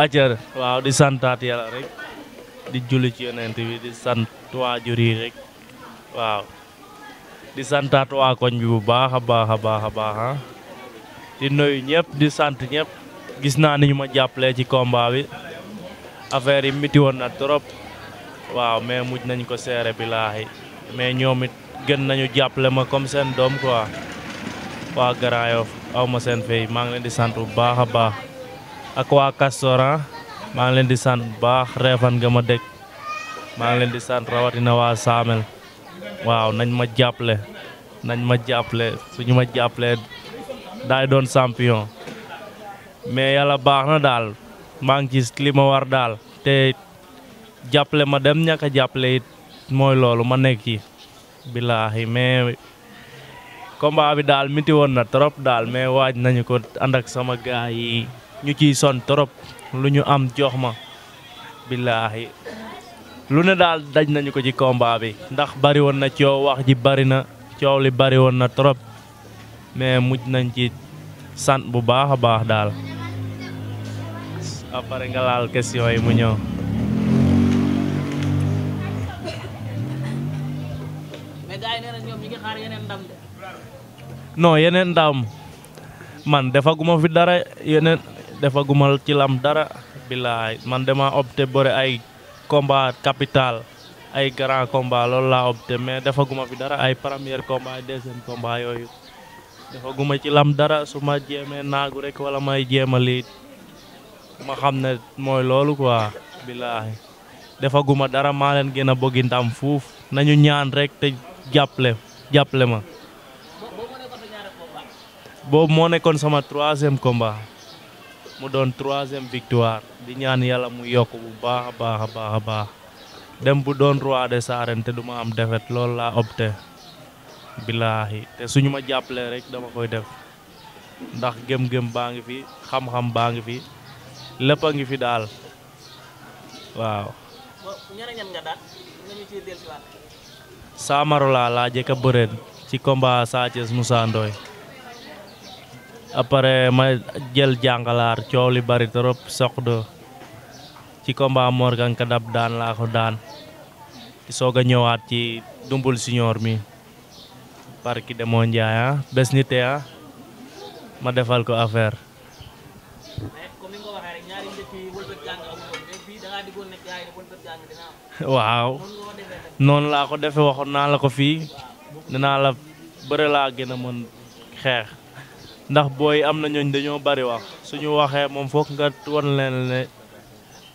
ajar waaw di santaat yala rek di julli ci yonent bi di sant waajur yi rek waaw di santaat waa koñ bi bu baax a baax a baax a baax ah. di noyu ñëpp di sant ñëpp gis naa ni ñu ma jàppalee ci combat bi affaire yi miti woon na trop waaw mais mujj nañ ko seere bi laaxi mais ñoom gën nañu jàppale ma comme seen doom quoi waa Grand Yoff seen fay maa ngi di sant bu baax a baax ak waa Castoran ah. maa ngi leen di sant bu baax reefan ga ma dégg maa ngi leen di sant rawatina waa Saamel waaw nañ ma jàppale nañ ma jàppale suñu ma jàppalee daay doon sampiyon mais yàlla baax na daal maa ngi gis li ma war daal te jàppale ma dem ñàkk a jàppale it mooy loolu ma nekk ci billaahi mais combat bi daal miti woon na trop daal mais waaj nañu ko ànd sama gaay yi ñu ciy son trop lu ñu am jox ma billaahi lu ne daal daj nañu ko ci combat bi ndax bari woon na coow wax ji bari na coow li bari woon na trop mais mujj nañ ci sant bu baax a baax daal après nga laal question yi mu ñëw defaguma ci lam dara billaay man dama opté bore ay combat capital ay grand combat loolu laa opté mais defaguma fi dara ay premier combat ay deuxième combat yooyu defaguma ci lam dara su ma jéemee naagu rek wala may jéem a lii ma xam ne mooy loolu quoi billaay defaguma dara maa leen gën a bëgg ndam fuuf nañu ñaan rek te jàppale jàppale ma boobu moo nekkoon sama troisième combat mu doon troisième victoire di ñaan yàlla mu yokk bu baax a baax a baax a baax dem bu doon roi des arènes te du am defet loolu laa opté bilaahi te suñu ma jàppalee rek dama koy def ndax gém gëm baa ngi fi xam-xam baa ngi fi lépp a ngi fi daal waaw. saamaro laa laa jëkk a bëreen ci combat Sa Thiès après ma jël jàngalaar coow li bari trop Sokh ci combat Mor Kang dab daan laa ko daan soog a ñëwaat ci dumbul siñoor mi parki demoo Ndiaye ah, bés ni tey ah, ma defal ko affaire. waaw noonu laa ko defee waxoon naa la ko fii dinaa la bëre laa gën a mën xeex. ndax booy am na ñooñ dañoo bari wax suñu waxee moom foog nga wan leen ne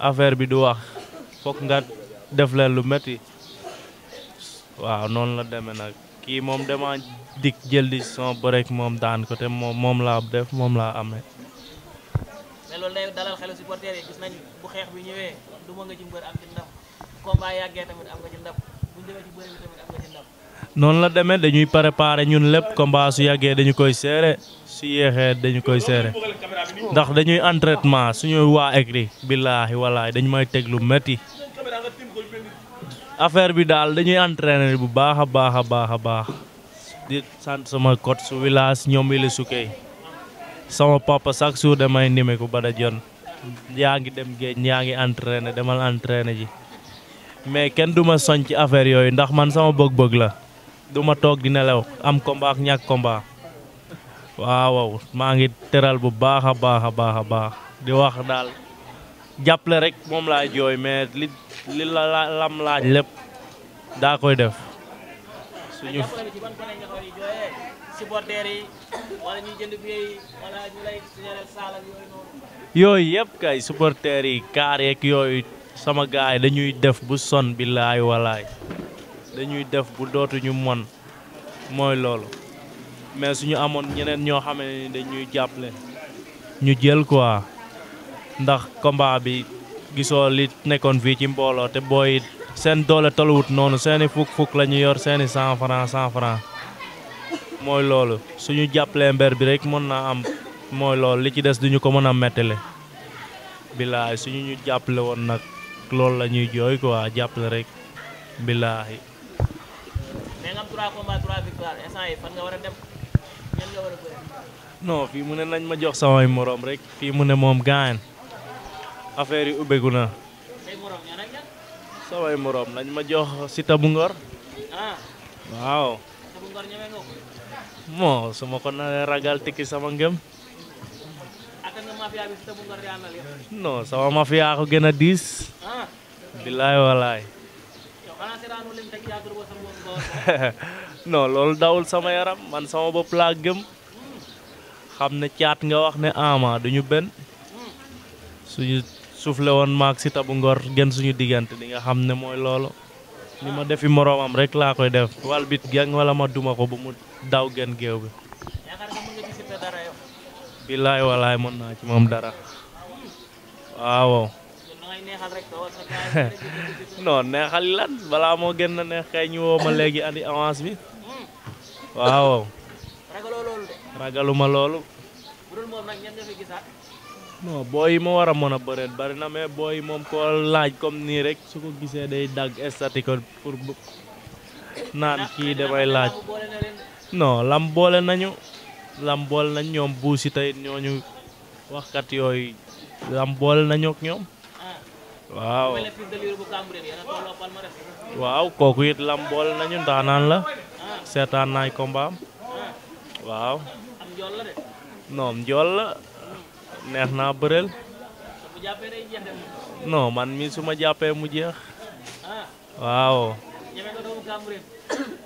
affaire bi du wax foog nga def leen lu metti waaw noonu la deme nag kii moom dama di son break laa def noonu la demee dañuy préparer ñun lépp combat yàggee dañu koy seere su yéexee dañu koy seere ndax dañuy entraînement suñu waa écrit billaahi wallaahi dañu may teg lu métti affaire bi daal dañuy entraîner bu baax a baax a baax a baax di sant sama coach su village ñoom yi la sukkee sama papa chaque jour damay nime ba da jon yaa ngi dem géej yaa ngi entraîner demal entraîner ji mais kenn du ma soñ ci affaire yooyu ndax man sama bëgg-bëgg la du toog di nelaw am combat ñàkk combat waawaw maa ngi teral bu baax a baax a baax a baax di wax daal jàppale rek moom laa jooy mais li la lam laaj lépp daa koy def suñu yooyu yëpp kay supporters yi kaar yeeg yooyu sama gaay dañuy def bu son billaay walaay dañuy def bu dootuñu mon mooy loolu mais suñu amoon ñeneen ñoo xam ne dañuy jàppale ñu jël quoi ndax combat bi gisoo li nekkoon fii ci mbooloo te booy seen doole tolluwut noonu seeni fukk-fukk la ñu yor seeni cent franc cent franc mooy loolu suñu jàppalee mber bi rek mën naa am mooy loolu li ci des duñu ko mën a mettale billaahi suñu ñu jàppale woon nag loolu lañuy ñuy jooy quoi jàppale rek billaahi non fii mu ne nañ ma jox samay morom rek fii mu ne moom gaan affaire yi ubbeeku na samay morom nañ ma jox si tabu ngor waaw moo su ma ko na ragal tikki sama ngëm non sama mafia ko gën a diis bilaay walaay non loolu dawul sama yaram man sama bopp laa gëm xam ne caat nga wax ne ama duñu benn suñu soufflé woon maak si tabu ngor gën suñu diggante di nga xam ne mooy loolu ni ma defi moroomam rek laa koy def wal gang wala ma duma ko ba mu daw gën géew bi bilaay walaay mën naa ci moom dara waaw non neexali lan balaa moo gën na neex woo ma léegi andi avance bi waaw. ragaloo loolu de. ragaluma loolu. booy ma war a mën a bëreet bari na mais booy moom koo laaj kom nii rek su ko gisee day dagg statique pour naan kii damay laaj. non lam boole nañu. lam boole nañ ñoom buusi tey ñooñu waxkat yooyu lam boole nañu ak ñoom. Ah. waaw kooku it lam boole nañu ndaanaan la. seetaan naay combat am waaw noom njool la neex na bëreel non man mi su ma jàppee mu jeex waaw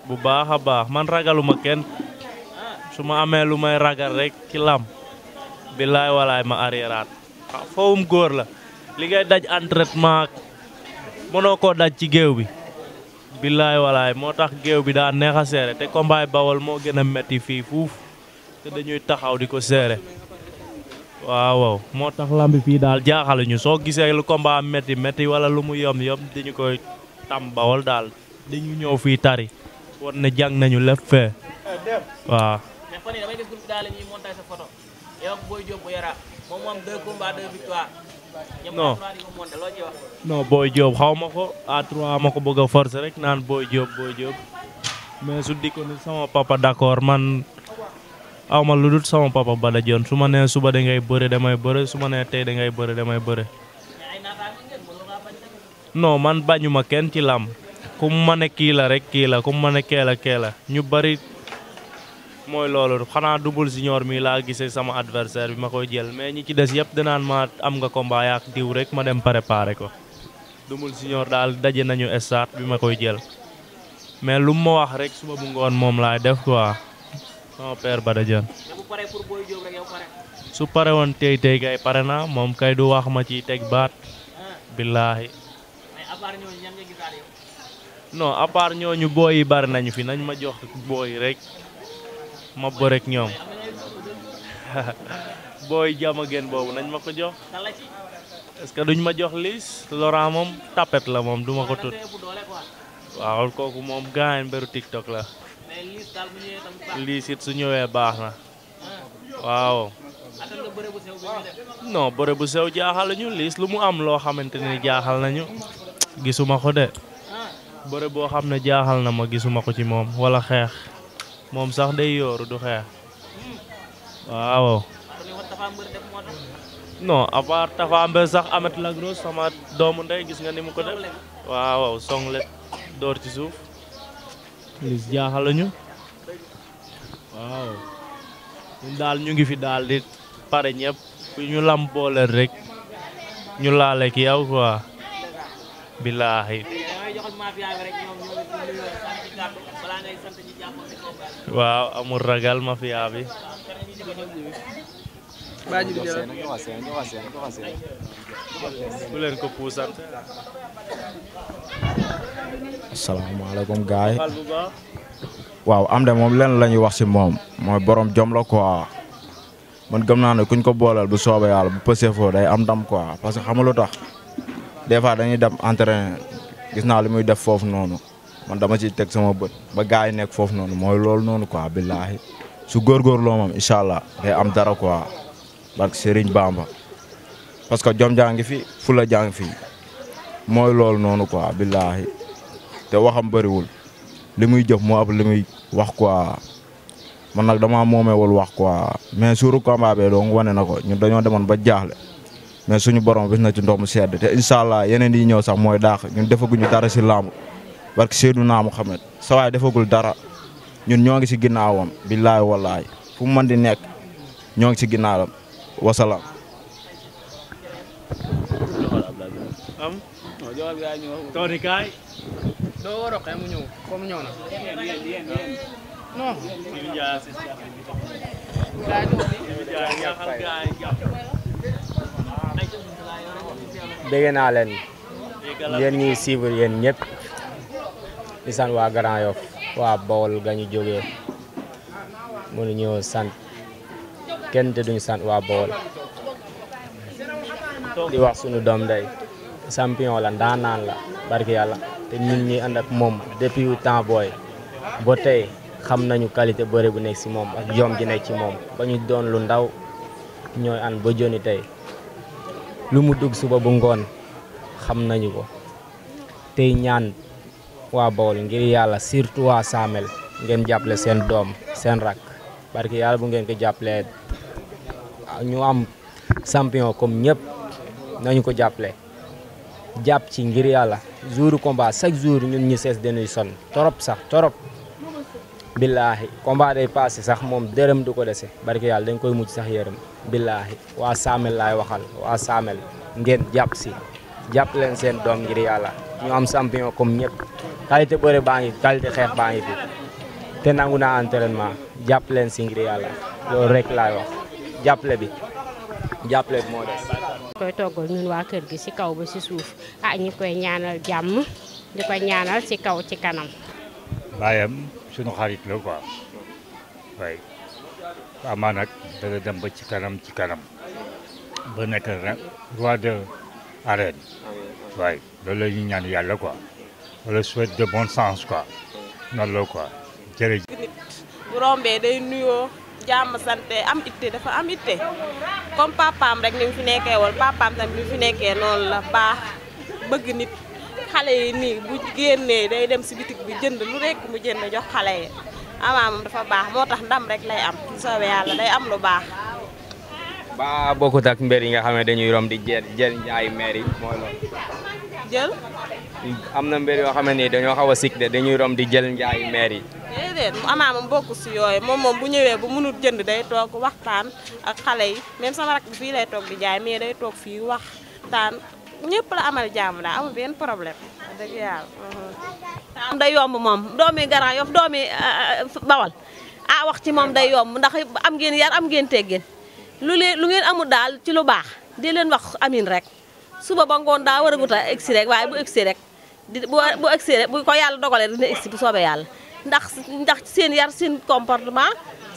bu baax a baax man ragaluma kenn su ma amee lu may ragal rek ci lam billaay walaay ma arriéraat fowum góor la li ngay daj entraînement mënoo koo daj ci géew bi billaay walaay moo tax géew bi daa neex a seere te combat bawol moo gën a metti fii fuuf te dañuy taxaw di ko seere waaw moo tax lambi fii daal jaaxaluñu soo gisee lu combat metti metti wala lu mu yom yom dañu koy tam bawol daal dañu ñëw fii tari war na jàng nañu lépp fee waaw non non Boy Diop ma ko a ko bëgg a rek naan Boy Diop Boy Diop mais su dikko ni sama papa d'accord man aw ma lu dul sama papa Bada Dione su ma nee suba dangay ngay bëre damay bëre su ma nee tey dangay ngay bëre damay bëre. non man bañuma kenn ci làmb ku ma ne kii la rek kii la ma ne kee la ñu bari mooy loolu xanaa double junior mi laa gisee sama adversaire bi ma koy jël mais ñi ci des yëpp danaan ma am nga combat yaak diw rek ma dem préparer ko double junior daal daje nañu stade bi ma koy jël mais lu ma wax rek suba bu ngoon moom laay def quoi sama père Bada Dieng su pare woon tey kay pare na moom kay du wax ma ciy teg baat billaahi non à part ñooñu booyi bari nañu fi nañ ma jox booyi rek ma bërek ñoom booy jama geen boobu nañ ma ko jox est que duñ ma jox liis Laurent moom tapet la moom duma ko tut waaw kooku moom gaañ mberu TikTok la liis su ñëwee baax na waaw non bëre bu sew jaaxal ñu liis lu mu am loo xamante ni jaaxal nañu gisuma ko de bëre boo xam ne jaaxal na ma gisuma ko ci moom wala xeex moom sax day yooru du xeex waaw. non à part sax Amet Lagros sama doomu ndey gis nga ni mu ko def waaw songle door ci suuf lis jaaxal lañu waaw ñun daal ñu ngi fi daal di pare ñëpp fu ñu lam boole rek ñu laale ki yow quoi bilaahi waaw amul ragal mafia bi. bu leen waaw am de moom lenn la ñuy wax si moom mooy borom jom la quoi man gëm naa ne kuñ ko booleel bu soobee yàlla bu pësee foo day am ndam quoi parce que xamulu dañuy dem entraîner. gis naa li muy def foofu noonu man dama ciy teg sama bët ba gars yi nekk foofu noonu mooy loolu noonu quoi billaahi su góorgóorloo moom allah day am dara quoi barke Serigne Bamba parce que jom jaa ngi fi fula jaa fi mooy loolu noonu quoi billaahi te waxam bëriwul li muy jëf moo ëpp li muy wax quoi man nag damaa wul wax quoi mais suuru combat bi donc wane na ko ñun dañoo demoon ba jaaxle. mais suñu borom bis na ci ndox mu sedd te incha allah yeneen yi ñëw sax mooy daax ñun defaguñu dara si laamu barke Seydina Muhammad sa waay defagul dara ñun ñoo ngi si ginnaawam billaahi wallaahi fu mu mën di nekk ñoo ngi si ginnaawam wasalaam. dégg naa leen yéen ñiy suivre yéen ñëpp di sant waa Grand Yoff waa Bawol ga ñu jógee mënu ñëw sant kenn te duñu sant waa Bawol di wax sunu doom day champion la ndaanaan la barki yàlla te ñun ñi ànd moom depuis temps booy ba tey xam nañu qualité bëre bu nekk ci moom ak jom ci moom bañu doon lu ndaw ñooy ànd ba joni tey lu mu dugg suba bu ngoon xam nañu ko tey ñaan waa Bawol ngir yàlla surtout waa Saamel ngeen jàppale seen doom seen rakk parce que yàlla bu ngeen ko jàppalee ñu am champion comme ñëpp nañu ko jàppale jàpp ci ngir yàlla jour combat chaque jour ñun ñu sees dañuy sonn sax torop billaahi combat day passé sax moom dërëm du ko dese barki yàlla dañ koy mujj sax yërëm billaahi waa saamel laay waxal waa saamel ngeen jàpp si jàpp leen seen doom ngir yàlla ñu am champion comme ñëpp qualité bëre baa ngi qualité xeex baa ngi fi te nangu naa entraînement jàpp leen si ngir yàlla loolu rek laay wax jàppale bi jàppale bi moo des. koy toggal ñun waa kër gi si kaw ba si suuf ah ñu koy ñaanal jàmm di ko ñaanal si kaw ci kanam. baayam suñu xarit la quoi waaye amaa nag dana dem ba ci kanam ci kanam ba nekk na roi de arène waaye loolu la ñuy ñaan yàlla ko wala souhaite de bon sens quoi noonu la quoi jërëjëf. bu rombee day nuyoo jàmm sante am itte dafa am itte comme papaam rek ni mu fi nekkee woon papaam tamit mu fi nekkee noonu la baax bëgg nit. xale yi nii bu génnee day dem si bitig bi jënd lu rekk mu jënd jox xale yi ama dafa baax moo tax ndam rek lay am bu soobee yàlla day am lu baax. ba bokkut ak mbir yi nga xam ne dañuy rom di jël jël ay maire yi mooy am na mbir yoo xam ne nii dañoo xaw a sikk dañuy rom di jël njaayu maire yi. déedéet amaa moom bokku si yooyu moom moom bu ñëwee bu mënut jënd day toog waxtaan ak xale yi même sama rak bi lay toog di jaay mais day toog fii waxtaan ñëpp la amal jàmm daa amul benn problème dëgg yàlla. Mhm. yomb moom doomi Grand Yoff doomi ah, ah, Bawal ah wax ci moom day yomb ndax am ngeen yar am ngeen teggin lu leen lu ngeen amul daal ci lu baax di leen wax amin rek suba ba ngoon daa war a gut a egsi rek waaye bu egsi rek di bu bu egsi rek bu ko yàlla dogalee dina egsi bu soobee yàlla ndax ndax seen yar seen comportement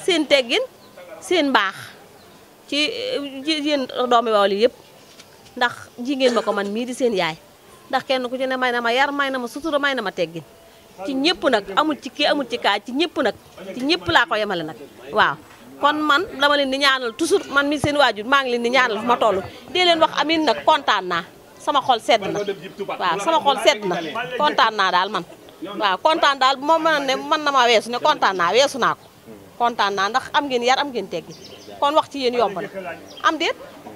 seen teggin seen baax ci yéen doomi Bawal yi yëpp. ndax jigéen ma ko man mii di seen yaay ndax kenn ku ci ne may na ma yar may na ma sutura may na ma teggin ci ñëpp nag amul ci kii amul ci kaa ci ñëpp nag ci ñëpp laa ko yemale nag waaw kon man dama leen di ñaanal toujours man mi seen waajur maa ngi leen di ñaanal fa ma toll dee leen wax amin nag kontaan naa sama xol sedd na waaw sama xol sedd na kontaan naa daal man waaw kontaan daal bu ma mën ne mën na ma weesu ne kontaan naa weesu naa kontaan naa ndax am ngeen yar am ngeen teggin kon wax ci yéen yomb na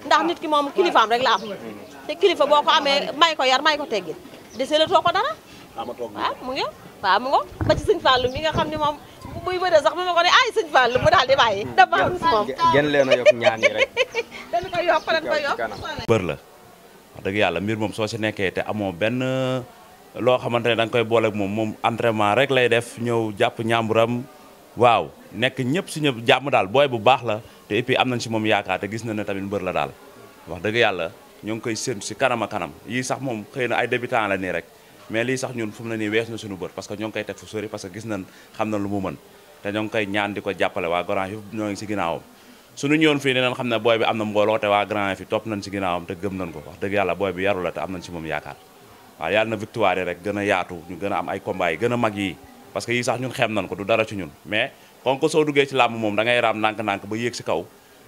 ndax nit ki moom kilifaam rek la am te kilifa boo ko amee may ko yar may ko teggin desee la too ko dara ah, waaw mu ngi waaw mu ngo ba ci sëñ Fallou mi nga xam ne moom buy bëre sax mu daal di bàyyi hmm. moom gën leen a yokk ñaan yi rek dañu ko bër la wax dëgg yàlla mbir moom soo ci nekkee te amoo benn uh, loo xamante ne da koy boole moom moom entraînement rek lay def ñëw jàpp ñàmburam waaw nekk ñëpp si ñëpp jàmm daal booy bu baax la te et am nañ si moom yaakaar te gis na ne tamit mbër la daal wax dëgg yàlla ñoo ngi koy séntu si kanam a kanam yii sax moom xëy na ay débutant la nii rek mais lii sax ñun fu mu ne na xam ne booy bi am na mbooloo te waa Grand Yoff topp nañ si ginnaawam te gëm nañ ko wax dëgg yàlla booy bi yaru te am nañ si moom yaakaar waaw yàlla na victoire rek gën a yaatu ñu gën a am ay combat gën a mag yii parce que yii sax ñun xem nañ ko du dara ci ñun mais kon ko soo duggee ci làmb moom da ngay raam nànk-nànk ba yéeg si kaw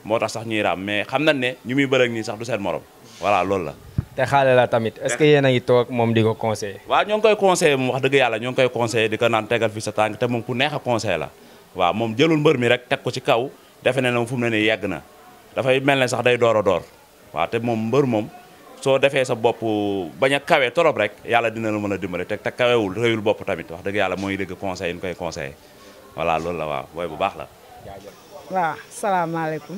moo tax sax ñuy raam mais xam nañ ne ñu muy bërëg nii sax du seen morom voilà loolu la te xaale la tamit est-ce que yéen a ngi toog moom di ko conseillé waaw ñoo ngi koy conseillé moom wax dëgg yàlla ñoo ngi koy conseillé di ko naan tegal fi sa tànk te moom ku neex a conseillé la waaw moom jëlul mbër mi rek teg ko ci kaw defe ne na fu mu ne nii yegg na dafay mel ne sax day door a door waaw te moom mbër moom soo defee sa bopp bañ a kawe torop rek yàlla dina la mën a dimbale te te kawewul réyul bopp tamit wax dëgg yàlla mooy dëgg conseil yi ñu koy conseillé voilà loolu la waaw booy bu baax la. waaw salaamaaleykum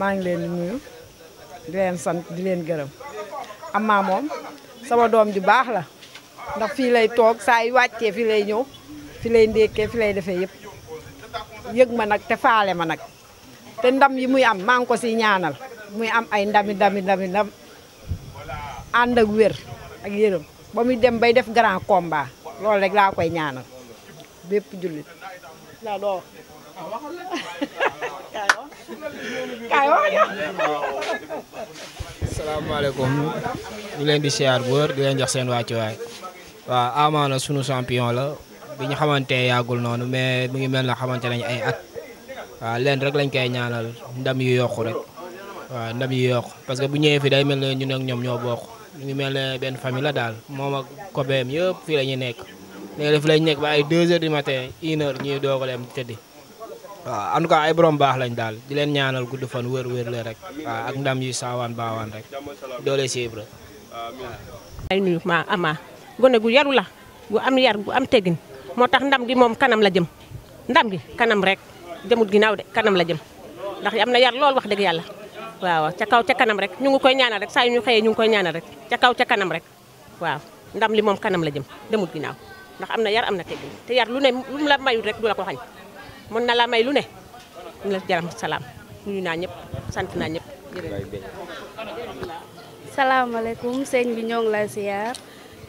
maa ngi leen di nuyu di leen sant di leen gërëm amaa moom sama doom ju baax la ndax fii lay toog saa yu wàccee fii lay ñëw fii lay ndékkee fi lay defee yëpp yëg ma nag te faale ma nag te ndam yi muy am maa ngi ko si ñaanal muy am ay ndami ndami ndami ndam ànd ak wér ak yërëm ba muy dem bay def grand combat loolu rek laa koy ñaanal bépp julli laa doo kaay ñu leen di siyaar bu di leen jox seen wàccuwaay waaw amaana sunu champion la bi ñu xamante yàggul noonu mais mu ngi mel na xamante nañ ay at waaw leen rek lañ koy ñaanal ndam yu yokku rek waaw ndam yu yokku parce que bu ñëwee fi day mel ne ñu ak ñoom ñoo bokk ñu ngi mel ne benn famille daal moom ak kobeem yëpp fii lañuy nekk léegi daf lay nekk ba yi 2 heures du matin une heure ñuy doog a dem tëddi waaw en tout cas ay borom baax lañ daal di leen ñaanal gudd fan wër wër la rek ak ndam yu saawaan baawaan rek doole sébra ay nuyu ma ama gone gu yaru la gu am yar gu am tegin moo tax ndam gi moom kanam la jëm ndam gi kanam rek jëmut ginnaaw de kanam la jëm ndax am na yar lool wax dëgg yàlla waaw ca kaw ca kanam rek ñu ngi koy ñaanal rek saa yu ñu ngi koy ñaanal rek ca kaw ca kanam rek waaw ndam li moom kanam la jëm demut ginnaaw ndax am na yar am na teggin te yar lu ne lu la mayul rek du la ko xañ mën na la may lu ne ñu la jaram salaam nuyu naa ñëpp sant naa ñëpp salaamaaleykum sëñ bi ñoo ngi lay siyaar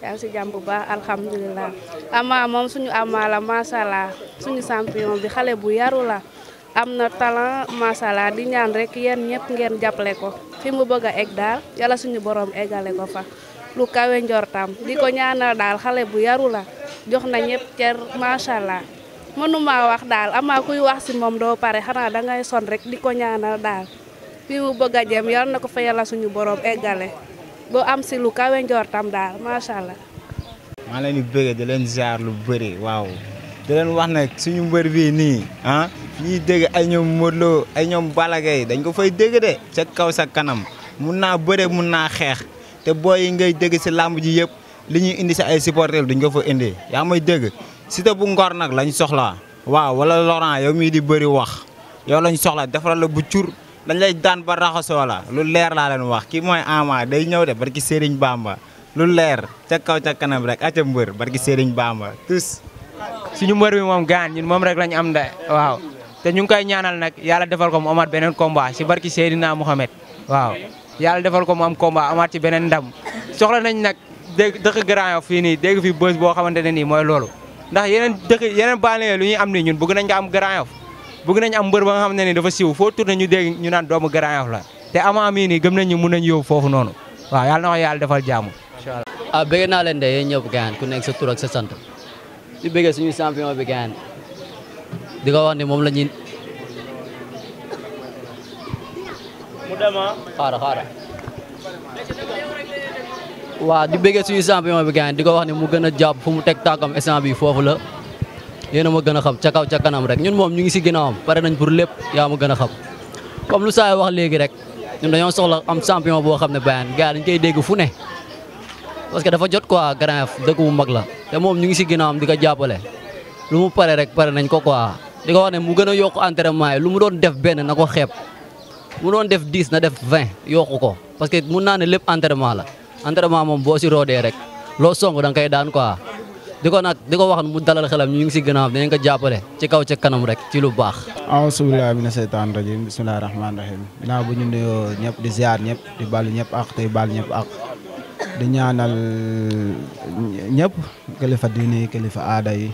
yaa si jàmm bu baax alhamdulilah ama moom suñu ama la masala suñu champion bi xale bu yaru la am na talent masala di ñaan rek yéen ñëpp ngeen jàppale ko fi mu bëgg a egg daal yàlla suñu borom eggale ko fa lu kawe njortam di ko ñaanal daal xale bu yaru la jox na ñëpp cër macha allah mënuma wax daal amaa kuy wax si moom doo pare xanaa dangay son rek di ko ñaana daal fii mu bëgg a jëm na ko fa yàlla suñu borom eggale boo am si lu kawe tam daal macha allah. maa leen di bëgg di leen ziar lu bëri waaw di leen wax nag suñu mbër bii nii ah ñuy dégg ay ñoom Modou Lo ay ñoom Balla dañ ko fay dégg de ca kaw sa kanam mun naa bëre mun naa xeex te booy yi ngay dégg si làmb ji yëpp. li ñuy indi si ay supporters duñ ko fa indi yaa may dégg Siteu bu Ngor nag lañ soxlaa waaw wala Laurent yow mii di bëri wax yow lañ soxla defaral la bu cur dañ lay daan ba raxasoo la lu leer laa leen wax kii mooy Ama day ñëw de barki Serigne Bamba lu leer ca kaw ca kanam rek aca mbër barki Serigne Bamba tous suñu mbër bi moom gaan ñun moom rek lañ am de waaw te ñu ngi koy ñaanal nag yàlla defal ko mu amaat beneen combat si barki Seydina Mohamed waaw yàlla defal dégg dëkk Grand Yoff fii nii dégg fi bës boo xamante ne nii mooy loolu ndax yeneen dëkk yeneen banlieue lu ñuy am nii ñun bëgg nañ nga am Grand Yoff bëgg nañ am mbër ba nga xam ne nii dafa siiw foo tourné ñu dégg ñu naan doomu Grand la te amaa mii nii gëm nañ ñu mun nañ yóbbu foofu noonu waaw yàlla na ko yàlla defal jàmm incha allah ah bëgg naa leen de yéen ñëpp gaañ ku nekk sa tur ak sa sant di bëgg suñu champion bi gaan di ko wax ni moom la ñuy waaw di bëggee suñu champion bi gaañ di ko wax ne mu gën a jàpp fu mu teg tànkam instant bi foofu la yéen a ma gën a xam ca kaw ca kanam rek ñun moom ñu ngi si ginnaawam pare nañ pour lépp yaa ma gën a xam comme lu saay wax léegi rek ñun dañoo soxla am champion boo xam ne Bayern gars dañ koy dégg fu ne parce que dafa jot quoi Grand Yoff dëkk bu mag la te moom ñu ngi si gën a ginnaawam di ko jàppale lu mu pare rek pare nañ ko quoi di ko wax ne mu gën a yokk entraînement lu mu doon def benn na ko xeeb mu doon def 10 na def 20 yokku ko parce que mun naa ne lépp entraînement la entraînement moom boo si roodee rek loo song da kay koy daan quoi ko nag di ko wax mu dalal xelam ñu ngi si gànnaaw dinañ ko jàppale ci kaw ci kanam rek ci lu baax. asubilaa mina seytaan rajim bisimilah rahmaani rahim ginnaaw bu ñu nuyoo ñëpp di ziar ñëpp di balu ñëpp ak tey baal ñëpp ak di ñaanal ñëpp kilifa diine kilifa aada yi.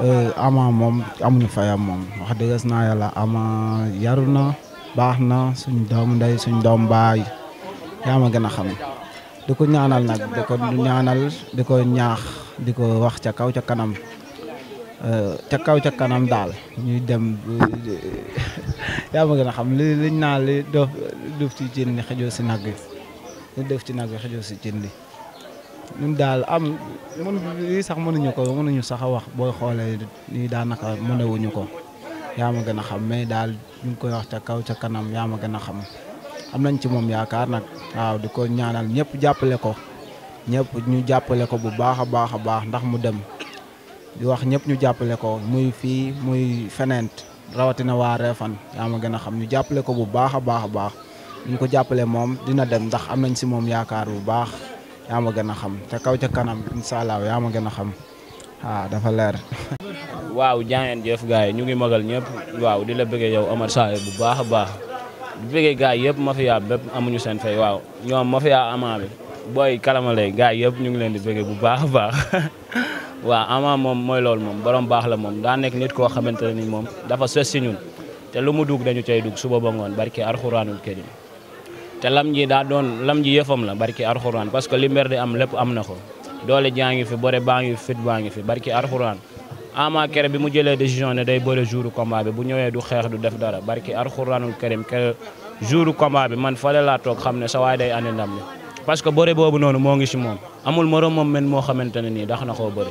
Euh, ama moom amuñu fayam moom wax dëgg na yàlla ama yaru na baax na suñu doomu ndey suñu doomu baay yaa ma gën a xam. di ko ñaanal nag di ko ñaanal di ko ñaax di ko wax ca kaw ca kanam euh, ca kaw ca kanam daal ñuy dem yaa ma gën a xam li liñ naa li doof ci cin li xëjoo si nag li def ci nag bi xëjoo si cin li ñun daal am mën lii sax mënuñu ko mënuñu sax a wax booy xoolee nii daanaka mënewuñu ko yaa ma gën a xam mais daal ñu ngi koy wax ca kaw ca kanam yaa ma gën a xam am nañ ci moom yaakaar nag waaw di ko ñaanal ñëpp jàppale ko ñëpp ñu jàppale ko bu baax a baax a baax ndax mu dem di wax ñëpp ñu jàppale ko muy fii muy feneent rawatina waa reefan yaa ma gën a xam ñu jàppale ko bu baax a baax a baax ñu ko jàppale moom dina dem ndax am nañ si moom yaakaar bu baax yaa ma gën a xam te kaw ca kanam incha allah yaa ma gën a xam waaw dafa leer. waaw jaa ngeen jëf yi ñu ngi magal ñëpp waaw di la bëggee yow Omar bu baax a baax. di bëggee gars yëpp mafia bëpp amuñu seen fay waaw ñoom mafia ama bi booy kalamale gars yëpp ñu ngi leen di bëggee bu baax a baax waaw ama moom mooy loolu moom borom baax la moom daa nekk nit koo xamante ne ni moom dafa sos si ñun te lu mu dugg dañu cay dugg suba ba ngoon barki arxuraanul karim te lam ji daa doon lam ji yëfam la barki arxuraan parce que li mber di am lépp am na ko doole jaa ngi fi bore baa ngi fi fit baa ngi fi barki arxuraan Ama kere bi mu jëlee décision ne day bëre jouru combat bi bu ñëwee du xeex du def dara barki alxuraanul karim kere jouru combat bi man fale laa toog xam ne sa waay day andi ndam li parce bëre boobu noonu moo ngi si moom amul morom moom men moo xamante ne nii dax na koo bëri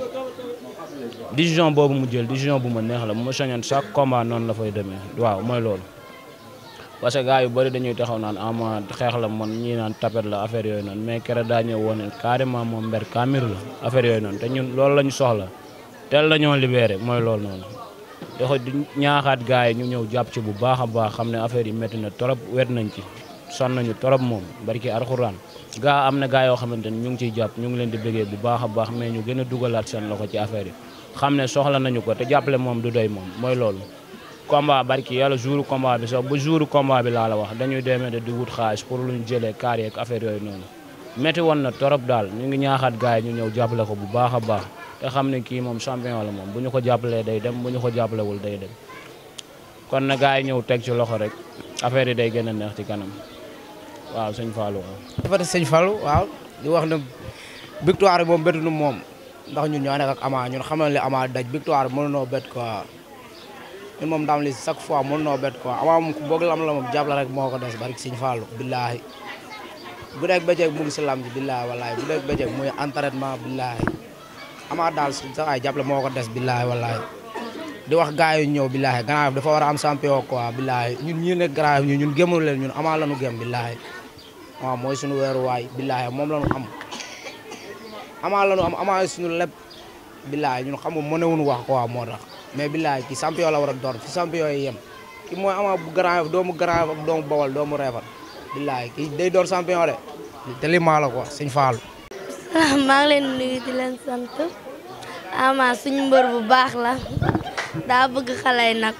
décision boobu mu jël décision bu ma neex la bu ma soñoon chaque combat noonu la fay demee waaw mooy loolu parce que gars yu bëri dañuy taxaw naan ama xeex la man ñii naan tapet la affaire yooyu noonu mais kere daa ñëw woon moom mber kaamir la affaire yooyu te ñun loolu la ñu soxla teel la ñoo libéré mooy loolu noonu dafa di ñaaxaat gars yi ñu ñëw jàpp ci bu baax a baax xam ne affaire yi métti na torop wet nañ ci sonn nañu torop moom barki alxuraan gaa am na gaa yoo xamante ni ñu ngi ciy jàpp ñu ngi leen di bëggee bu baax a baax mais ñu gën a dugalaat seen loxo ci affaire yi xam ne soxla nañu ko te jàppale moom du doy moom mooy loolu combat barki yàlla jour combat bi sax ba jour combat bi laa la wax dañuy demee de di wut xaalis lu luñ jële carrière ek affaire yooyu noonu métti woon na torop daal ñu ngi ñaaxaat gaa yi ñu ñëw jàppale ko bu baax a baax te xam ne kii moom champion la moom bu ñu ko jàppalee day dem bu ñu ko jàppalewul day dem kon na gars yi ñëw teg ci loxo rek affaire yi day gën a neex ci kanam waaw sëñ Fallou waaw. sëñ Fallou waaw di wax ne victoire bi moom bettuñu moom ndax ñun ñoo nekk ak Ama ñun xam nañ amaa daj victoire bi mënuñoo bett quoi ñun moom daam li chaque fois mënuñoo bett quoi Ama moom ku boog la am moom jàpp rek moo ko des barki sëñ Fallou billaahi bu nekk bëccëg mu ngi si lam billaahi amaat daal sawaay jàppale moo ko des billaahi wallaahi di wax gars yi ñëw billaahi gannaaw dafa war a am champion quoi ñun ñi nekk ñu ñun gémul leen ñun amaat lañu gém billaahi waaw mooy suñu weeruwaay billaahi moom lañu am amaat lañu am amaat suñu lépp billaahi ñun xam nga mënewuñu wax quoi moo tax mais billaahi kii champion la war a door fi champion yi yem ki bu Grand doomu Grand Yoff doomu Bawol billaahi ki day door champion de te li maa la ko wax maa ngi leen nuyu di leen sant ama suñu mbër bu baax la daa bëgg xale yi nag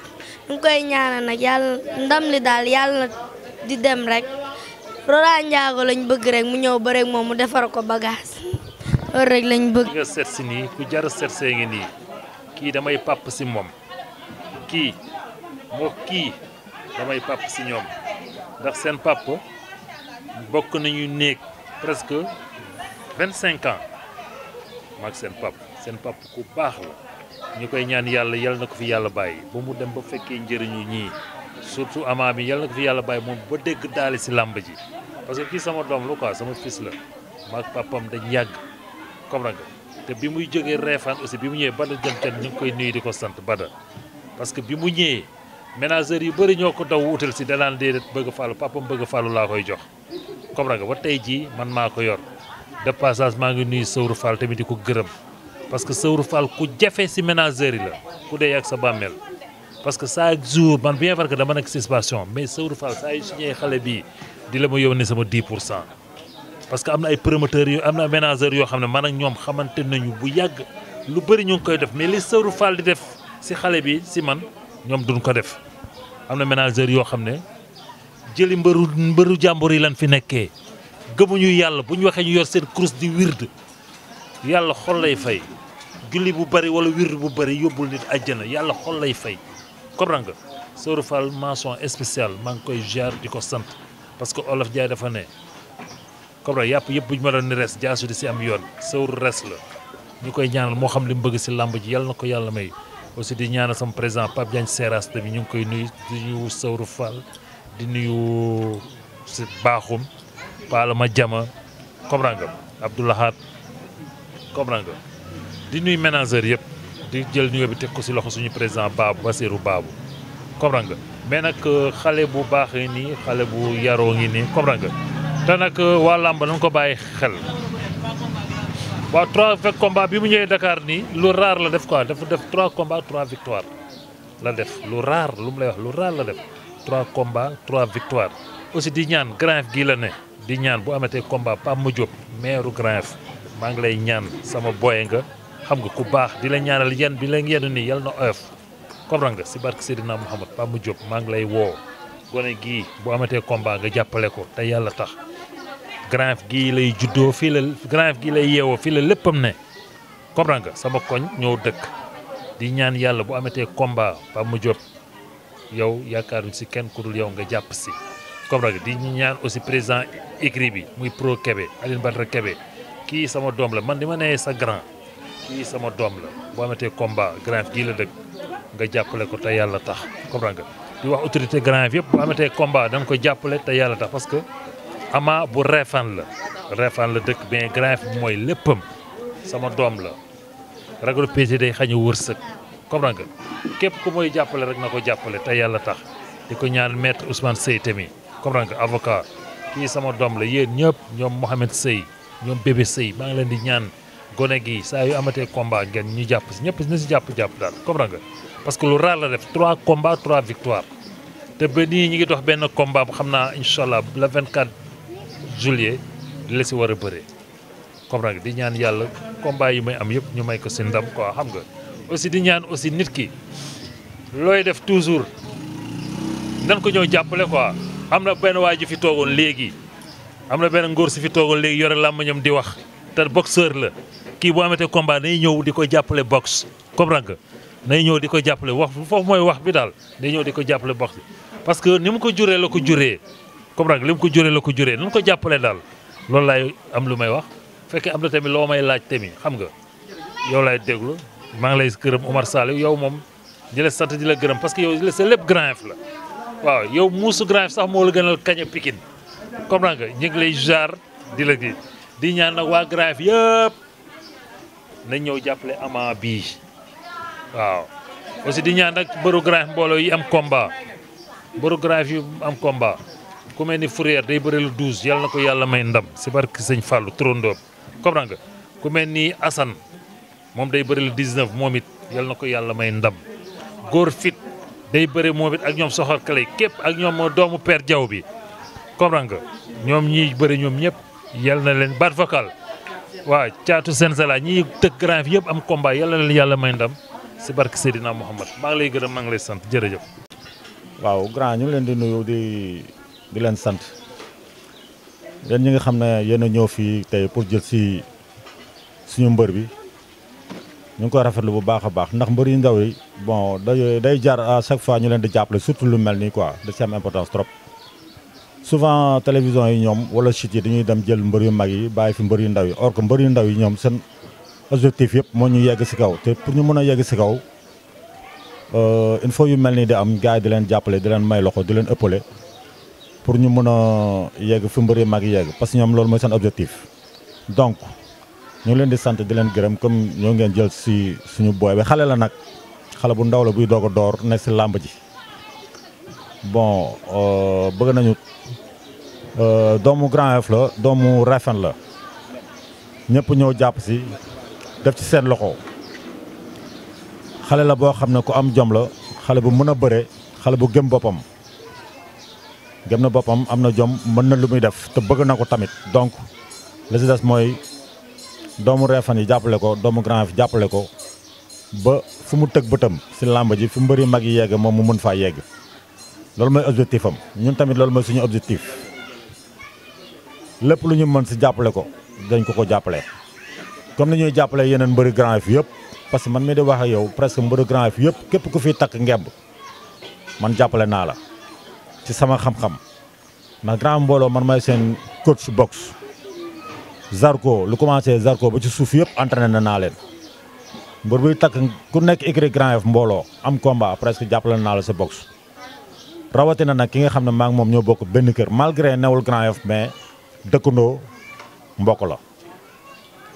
ñu koy ñaanal nag yàlla ndam li daal yàlla na di dem rekk Laurent Ndiago lañ bëgg rek mu ñëw ba rek moom mu defar ko bagaas loolu rek lañ bëgg. nga seet si nii ku jar seet see ngi nii kii damay pàpp si moom kii moo kii damay pàpp si ñoom ndax seen pàpp bokk nañu néeg presque. 25 ans maag seen papp seen pap ku baax la ñu koy ñaan yàlla yal na ko fi yàlla bàyyi ba mu dem ba fekkee njëriñu ñii surtout ama bi yal na ko fi yàlla bàyyi moom ba dégg daali si làmb ji parce que kii sama doom la quoi sama fils la maag pappam dañ yàgg comme nag te bi muy jógee reefaan aussi bi mu ñëwee Bada jëm kenn ñu ngi koy nuyu di ko sant Bada parce que bi mu ñëwee ménageurs yu bëri ñoo ko daw wutal si danaan déedéet bëgg a fàllu papam bëgg a laa koy jox comme jii man maa ko yor de maa ngi nuyu Sëwru Fall tamit di ko gërëm parce que Sëwru Fall ku jafe si yi la ku dee ak sa bàmmeel parce que chaque jour man bien vrai que dama nekk si mais Sëwru Fall saa yu signé xale bii di la ma yónnee sama 10 pour cent parce que am na ay promoteurs yu am na ay ménageurs yoo xam ne man ak ñoom xamante nañu bu yàgg lu bëri ñu ngi koy def mais li Sëwru Fall di def si xale bi si man ñoom duñ ko def am na ménageurs yoo xam ne jëli mbëru mbëru jàmbur yi lan fi nekkee. gëmuñu yàlla bu ñu waxee ñu yor seen kurus di wird yàlla xool lay fay julli bu bari wala wird bu bari yóbbul nit àjjana yàlla xool lay fay comprendre nga Soro Fall mention spéciale maa ngi koy jaar di ko sant parce que Olof Diagne dafa ne comprendre yàpp yëpp bu ñu ma doon ni res jaasu di si am yoon sawru res la ñu koy ñaanal moo xam li mu bëgg si làmb ji yàlla na ko yàlla may aussi di ñaanal sama président Pape Diagne Seras ñu ngi koy nuy di nuyu Soro Fall di nuyu Pala ma jama comprendre nga Abdoulahat comprendre nga di nuy ménageur yëpp di jël nuyoo bi teg ko si loxo suñu président baabu Bassirou Babou baabu nga mais nag euh, xale bu baax baaxee nii xale bu yaroo ngi nii comprendre nga te nag euh, waa làmb nañ ko bàyyi xel waa trois fekk bi mu ñëwee dakaar nii lu rare la def quoi dafa def trois combats trois victoires la def lu rare lu mu lay wax lu rare la def trois combats trois victoires aussi di ñaan grand gi la di ñaan bu amatee combat Pape Madiop maire Grand Yoff maa ngi lay ñaan sama boy nga xam nga ku baax di la ñaanal yenn bi la yenn nii yal na oyof comprendre nga si barke Seydina Mouhamad mu Madiop maa ngi lay woo gone gii bu amatee combat nga jàppale ko te yàlla tax Grand gi lay juddoo fii la Grand gi lay yeewoo fii la léppam ne comprendre nga sama koñ ñëw dëkk di ñaan yàlla bu amatee combat mu Madiop yow yaakaaruñ si kenn ku dul yow nga jàpp si comme nag di ñaan aussi président écrit bi muy pro Kébé Aline Badara Kébé kii sama doom la man di ma nee sa grand kii sama doom la boo amatee combat grand gii la dëkk nga jàppale ko te yàlla tax comprendre nga di wax autorité grand yëpp boo amatee combat da ko jàppale te yàlla tax parce que ama bu reefan la reefan la dëkk mais grand bi mooy léppam sama doom la ragalu pété day xañ a wërsëg comprendre képp ku mooy jàppale rek na ko jàppale te yàlla tax di ko ñaan me Ousmane Seye comprendre nga kii sama doom la yéen ñëpp ñoom Mouhamed Seye ñoom bébé Seye maa ngi leen di ñaan gone gi saa yu amatee combat ngeen ñu jàpp si ñëpp na si jàpp-jàpp daal comprendre nga parce que lu raar la def trois combats trois victoires te ba nii ñu ngi dox benn combat bu xam naa incha allah le 24 juillet di la si war a bëree comprendre nga di ñaan yàlla combat yi may am yëpp ñu may ko si ndam quoi xam nga aussi di ñaan aussi nit ki looy def toujours nan ko ñëw jàppale am na benn waay ji fi toogoon léegi am na benn ngóor si fi toogoon léegi yore làmmiñam di wax te boxeur la kii boo amatee combat day ñëw di ko jàppale boxe comprendre nga ñëw di ko jàppale wax foofu mooy wax bi daal day ñëw di ko jàppale boxe parce que ni mu ko juree la ko juree comprendre li mu ko juree la ko juree ni mu ko jàppale daal loolu laay am lu may wax fekkee am na tamit loo may laaj tamit xam nga yow laay déglu maa ngi lay gërëm Omar Sall yow moom di sant di la gërëm parce que yow lépp grand la waaw yow muusu Grand sax moo la gënal kañ a Pikine comprendre nga ñu ngi lay jaar di la di di ñaan nag waa Grand yëpp nañ ñëw jàppale ama bii waaw aussi di ñaan nag bëru Grand mbooloo yi am combat bëru Grand yi am combat ku mel ni Fourier day bëri lu douze yàlla na ko yàlla may ndam si barke sëñ Fallou turandoom comprendre nga ku mel ni Assane moom day bëri lu moom it yàlla na ko yàlla may ndam góor fit day bëri moom it ak ñoom soxor kale képp ak ñoom doomu père jaww bi comprendre nga ñoom ñii bëri ñoom ñëpp yal na leen baat vocal waaw caatu seen sala ñii tëgg grand fi yëpp am combat yal na leen yàlla may ndam si barke Seydina Mouhamad maa ngi lay gërëm maa ngi lay sant jërëjëf. waaw grand ñu leen di nuyu di di leen sant yéen ñi ngi xam ne yéen a ñëw fii tey pour jël si suñu mbër bi. ñu ngi koy rafetlu bu baax a baax ndax mbër yu ndaw yi bon day day jar à chaque fois ñu leen di jàppale surtout lu mel nii quoi da ci am importance trop souvent télévision yi ñoom wala site yi dañuy dem jël mbër yu mag yi bàyyi fi mbër yu ndaw yi or que mbër yu ndaw yi ñoom seen objectif yëpp moo ñu yegg si kaw te pour ñu mën a yegg si kaw euh, il faut yu mel nii di am gars yi di leen jàppale di leen may loxo di leen ëppale pour ñu mën a yegg fi mbër yu mag yi parce que ñoom loolu mooy seen objectif donc ñu leen di sant di leen gërëm comme ñoo ngeen jël si suñu booy bi xale la nag xale bu ndaw la buy doog a door ne si làmb ji bon euh, bëgg nañu euh, doomu Grand Yoff la doomu Réfane la ñëpp ñëw jàpp si def ci seen loxo xale la boo xam ne ku am jom la xale bu mën a bëre xale bu gëm boppam gëm na boppam am na jom mën na lu muy def te bëgg na ko tamit donc li mooy doomu reefan yi jàppale ko doomu grand fi jàppale ko ba fu mu tëg bëtam si làmba ji fu mbëri mag yi yegg moom mu mën faa yegg loolu mooy objectif am ñun tamit loolu mooy suñu objectif lépp lu ñu mën si jàppale ko dañ ko ko jàppale comme ni jàppale yeneen mbëri grand fi yëpp parce que man mii di wax ak yow presque mbëri grand fi yëpp képp ku fi takk ngemb man jàppale naa la ci sama xam-xam ndax grand mbooloo man may seen coach box Zarko lu commencé Zarko ba ci suuf yëpp entraîné na naa leen mbër buy takk ku nekk écrit grand mbooloo am combat presque jàppale naa la sa box rawatina nag ki nga xam ne maa moom ñoo bokk benn kër malgré newul grand F mais dëkkandoo mbokk la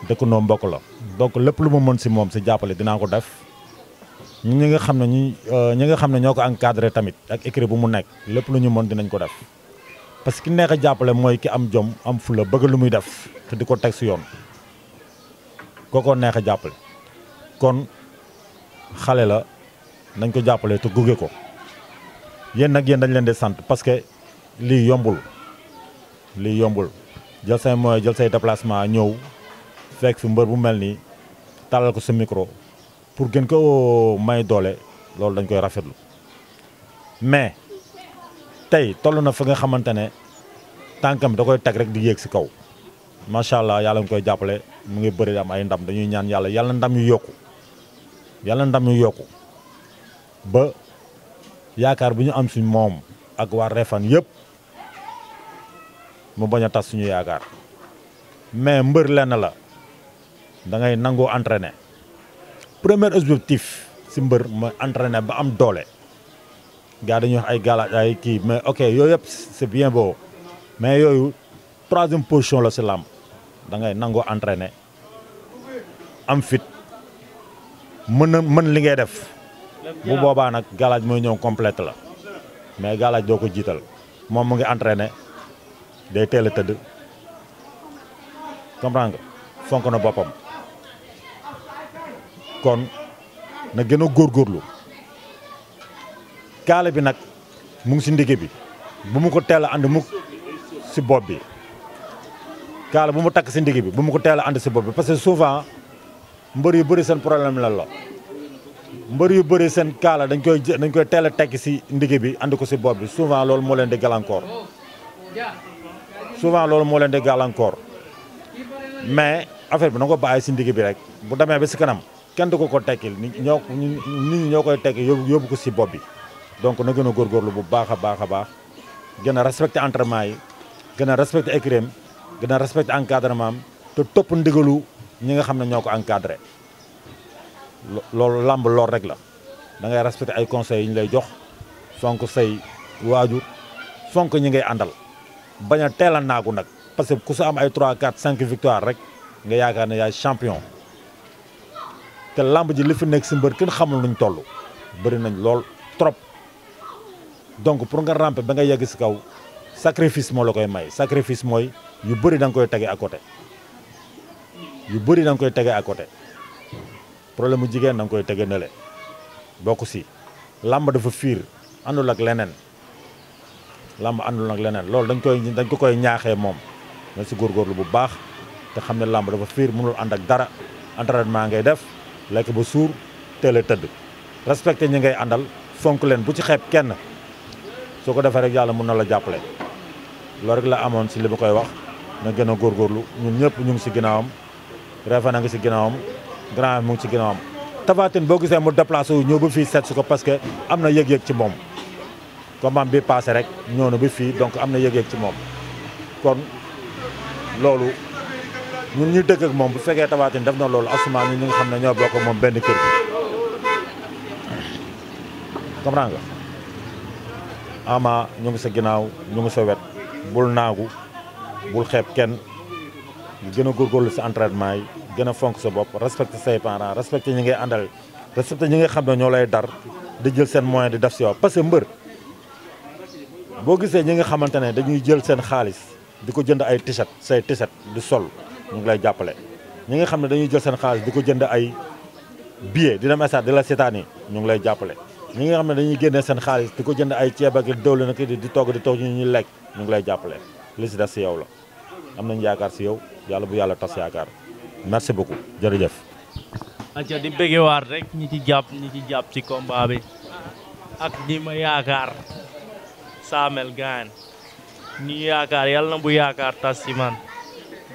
dëkkandoo mbokk la donc lépp lu mu mën si moom si jàppale dinaa ko def ñi nga xam ne ñi euh, ñi nga xam ne ñoo ko encadré tamit ak écrit bu mu nekk lépp lu ñu mën dinañ ko def parce que ki neex a jàppale mooy ki am jom am fula bëgg lu muy def nekk di ko teg si yoon kookoo neex a jàppale kon xale la nañ ko jàppale te gunge ko yéen nag yéen dañ leen di sant parce que lii yombul lii yombul jël say moyen jël say ñëw fekk fi mbër bu mel nii talal ko si micro pour gën ko may doole loolu dañ koy rafetlu mais tey toll na fi nga xamante ne tànkam da koy teg rek di yéeg si kaw macha allah yàlla nga koy jàppale mu ngi bëri am ay ndam dañuy ñaan yàlla yàlla ndam yu yokku yàlla ndam yu yokku ba yaakaar bu ñu am suñ moom ak waa Refane yëpp mu bañ a tas suñu yaakaar mais mbër lenn la dangay nangoo entraîner premier objectif si mbër mooy entraîner ba am doole gaa dañuy wax ay gala ay kii mais ok yooyu yëpp c'est bien boobu mais yooyu troisième position la si làmb dangay ngay nangoo entraîner am fit mën na mën li ngay def bu boobaa nag galaaj mooy ñëw complète la mais galaaj doo ko jiital moom mu ngi entraîner day teel a tëdd comprendre nga fonk na boppam kon na gën a góorlu kaala bi nag mu ngi si ndigg bi bu mu ko teel a ànd mukk si bopp bi kaala bu mu takk si ndig bi bu mu ko teel a ànd si bopp bi parce que mbër yu bëri seen problème la la mbër yu bëri seen kaala dañ koy dañ koy teel a tekki si ndig bi ànd ko si bopp bi souvent loolu moo leen di gàllankoor souvent loolu moo leen di gàllankoor mais affaire bi na ko bàyyi si ndig bi rek bu demee ba si kanam kenn du ko ko tekkil nit ñoo nit ñi ñoo koy tekk yóbbu yóbbu ko si bopp bi donc na gën a bu baax a baax a baax gën a respecté entrement yi gën a respecté écréme gën a respecté encadrement am te topp ndigalu ñi nga xam ne ñoo ko encadré loolu làmb lool rek la da ngay respecté ay conseils yi ñu lay jox sonk say waajur sonk ñi ngay àndal bañ a teel a nag parce que ku sa am ay 3 4 5 victoire rek nga yaakaar ne yaay champion te làmb ji li fi nekk si mbër kenn xamul nuñ toll bëri nañ lool trop donc pour nga rampe ba nga yegg si kaw sacrifice moo la koy may sacrifice mooy yu bëri da koy tege à côté yu bëri da koy tege à côté problème mu jigéen da koy tege nële bokk si làmb dafa fiir àndul ak leneen làmb àndul ak leneen loolu dañ koy dañ ko koy ñaaxee moom na si góorgóorlu bu baax te xam ne làmb dafa fiir mënul ànd ak dara entraînement ngay def lekk ba suur teel a tëdd respecté ñi ngay àndal fonk leen bu ci xeeb kenn soo ko defee rek yàlla mën na la jàppale loolu rek la amoon si li ma koy wax na gën a góorgóorlu ñun ñëpp ñu ngi si ginnaawam Réfane a ngi si ginnaawam Grand mu ngi si ginnaawam Tapha Tine boo gisee mu déplacé wu ñëw ba fii seet ko parce que am na yëg-yëg ci moom combat bi passé rek ñëw na ba fii donc am na yëg-yëg ci moom kon loolu ñun ñu dëkk moom bu fekkee Tapha def na loolu asuma ñun ñi nga xam ne ñoo bokk moom benn kër gi comprends nga ama ñu ngi sa ginnaaw ñu ngi sa wet bul naagu bul xeep kenn ñu gën a góorgóorlu si entraînement yi gën a fonk sa bopp respecté say parents respecté ñi ngay àndal respecté ñi nga xam ne ñoo lay dar di jël seen moyen di def si yow parce que mbër boo gisee ñi nga xamante ne dañuy jël seen xaalis di ko jënd ay t-shirt say t di sol ñu ngi lay jàppale ñu nga xam ne dañuy jël seen xaalis di ko jënd ay billet di dem stade di la seetaan yi ñu ngi lay jàppale ñi nga xam ne dañuy génnee seen xaalis di ko jënd ay ceeb ak diwlin ak di togg di toog ñu ñuy lekk ñu ngi lay jàppale li si des la am nañ yaakaar si yow yàlla bu yàlla tas yaakaar merci beaucoup jërëjëf. aca di bëggewaat rek ñi ci jàpp ñi ci jàpp ci combat bi ak ñi ma yaakaar saamel gaan ñi yaakaar yàlla na bu yaakaar tas si man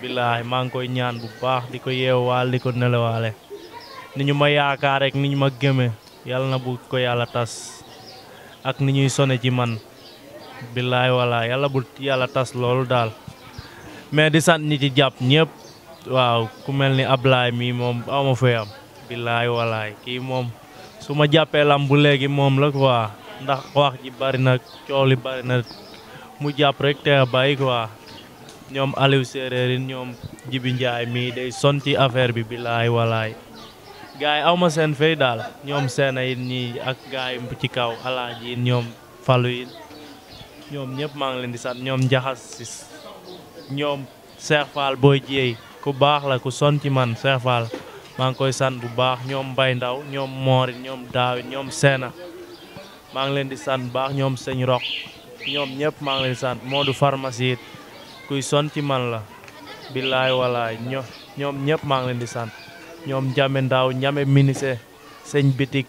billaahi maa ngi koy ñaan bu baax di ko yeewaal di ko nelewaale ni ñu ma yaakaar rek ni ñu ma gëme yàlla na bu ko yàlla tas ak ni ñuy sone ci man billaay wala yàlla bu yàlla tas loolu daal mais di sant ñi ci jàpp ñëpp waaw ku mel ni ab Ablaay mii moom awma fay am billaay walaay kii moom su ma jàppee lam bu léegi moom la quoi ndax wax ji bari na coow li bari na mu jàpp rek te bàyyi quoi ñoom Aliou Séeréer yi ñoom Jibi Njaay mii day son ci affaire bi billaay walaay gaay awma seen fay daal ñoom seen a ñii ak gaay ci kaw alaaji yi ñoom falu yi ñoom ñëpp maa ngi leen di sant ñoom njaxas sis ñoom Cheikh Fall booy jiyey ku baax la ku son ci man Cheikh Fall maa ngi koy san bu baax ñoom Mbay Ndaw ñoom Moori ñoom Daawit ñoom Seena maa ngi leen di san bu baax ñoom Sëñ Roq ñoom ñëpp maa ngi leen di sant Moodu pharmacie it kuy son ci man la billaay walaay ñoom ñëpp maa ngi leen di sant ñoom Njame Ndaw Njame Minise sëñ bitik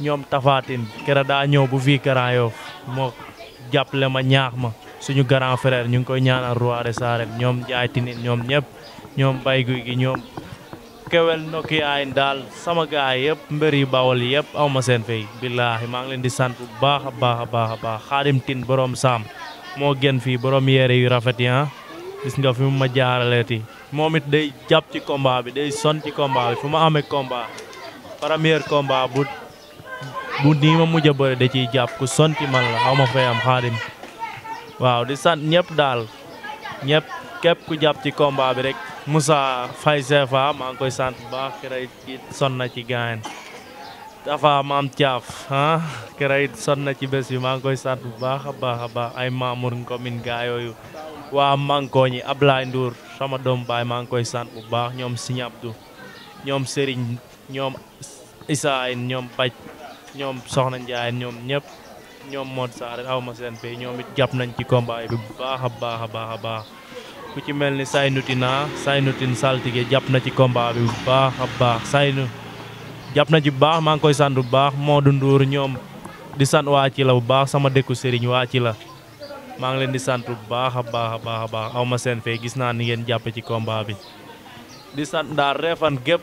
ñoom Tafatin kera daa ñëw bu fii Grand moo jàppale ma ñaax ma suñu grand frère ñu ngi koy ñaanal roi de Sarène ñoom Ndiaye Tine ñoom ñëpp ñoom bay Guy gi ñoom kewel nokki ay daal sama gaay yëpp mbër yi bawol yëpp aw ma seen fay billaahi maa ngi leen di sant bu baax a baax a baax a baax Xaadim Tine borom saam moo gën fii borom yére yu rafet yi ah. gis nga fi mu ma jaaraleeti moom it day jàpp ci combat bi day son ci combat bi fu ma amee combat premier combat bu bu nii ma mujj a bëri da ciy jàpp ku sonti man la xaw ma fay am waaw di sant ñëpp daal ñëpp képp ku jàpp ci combat bi rek Moussa Faye CFA maa ngi koy sant bu baax keroog it sonn na ci gaayen dafa maam Thiaf ah keroog it na ci bés bi maa ngi koy sant bu baax a baax a baax ay Mamour Ngomine gaa yooyu waa Mankoo ñi Ablaye Ndour sama doom baay maa ngi koy sant bu baax ñoom Signe Abdou ñoom Serigne ñoom Issa ñoom Bac ñoom Soxna Ndiaye ñoom ñëpp ñoom moo Sarr aw ma seen pay ñoom it jàpp nañ ci kombaay bi bu baax a baax a baax a baax ku ci mel ni Saynutina Saynutin saltige jàpp na ci combat bi bu baax a baax Saynu jàpp na ci bu baax maa ngi koy sant bu baax Modou Ndour ñoom di sant waa ci la bu baax sama dékku sëriñ waa ci la maa ngi leen di sant bu baax a baax a baax a baax aw ma seen fay gis naa ni ngeen jàppe ci kombaa bi di sant daal reefan gépp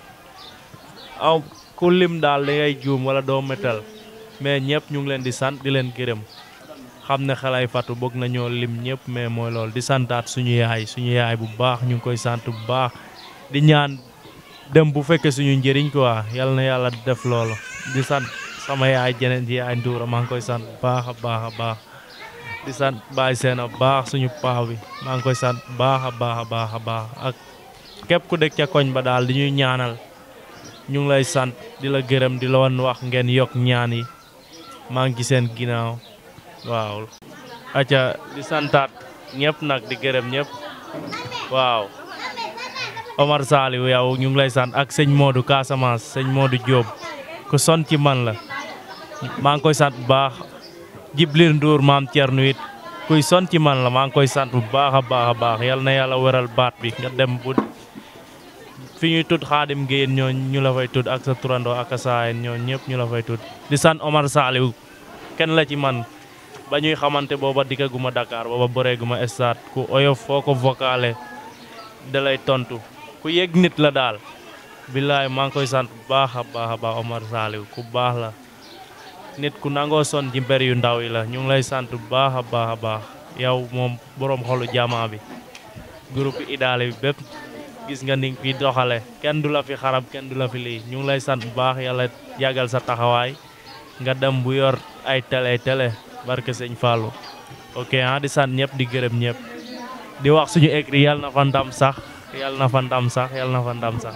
aw ku lim daal da ngay juum wala doo métal mais ñëpp ñu ngi leen di sant di leen gërëm xam ne xalay fatu bëgg nañoo lim ñëpp mais mooy lool di santaat suñu yaay suñu yaay bu baax ñu ngi koy sant bu baax di ñaan dem bu fekkee suñu njëriñ quoi yal na yàlla def loolu di sant sama yaay jeneen ji yaay Ndoura maa ngi koy sant baax a baax a baax di sant Baye Seen a baax suñu paa bi maa ngi koy sant baax a baax a baax a baax képp ku dëkk ca koñ ba daal di ñuy ñaanal ñu ngi lay sant di la gërëm di la wan wax ngeen yokk ñaan yi maa ngi seen ginnaaw waaw. acca di santaat ñëpp nag di gërëm ñëpp waaw Omar Saliou yow ñu ngi lay sant ak sëñ Modou Casamance sëñ Modou Diop ku son ci man la maa ngi koy sant bu baax Jibril Ndour maam Thierno it kuy son ci man la maa ngi koy sant bu baax a baax a baax yal na yàlla wéral baat bi nga dem bu. fi ñuy tudd xaadim géyeen ñoo ñu la fay tudd ak sa turandoo ak saayen ñoo ñëpp ñu la fay tudd di sant Omar Saliou kenn la ci man ba ñuy xamante booba dikkaguma Dakar booba bëreeguma stade ku oyof foo ko vocalé da lay tontu ku yég nit la daal billaay maa ngi koy sant bu baax a baax a Omar Saliou ku baax la nit ku nangoo son ci mbër yu ndaw yi la ñu ngi lay sant bu baax a baax a baax yow moom boroom xolu jamaa bi groupe idaale bi bépp gis nga ni nga fi doxale kenn du la fi xarab kenn du la fi lii ñu ngi lay sant bu baax yàlla yàggal sa taxawaay nga dem bu yor ay télé tele barke sëñ Fallou ok ah di sant ñëpp di gërëm ñëpp di wax suñu écrit yàlla na fa ndam sax yàlla na fa ndam sax yàlla na fa ndam sax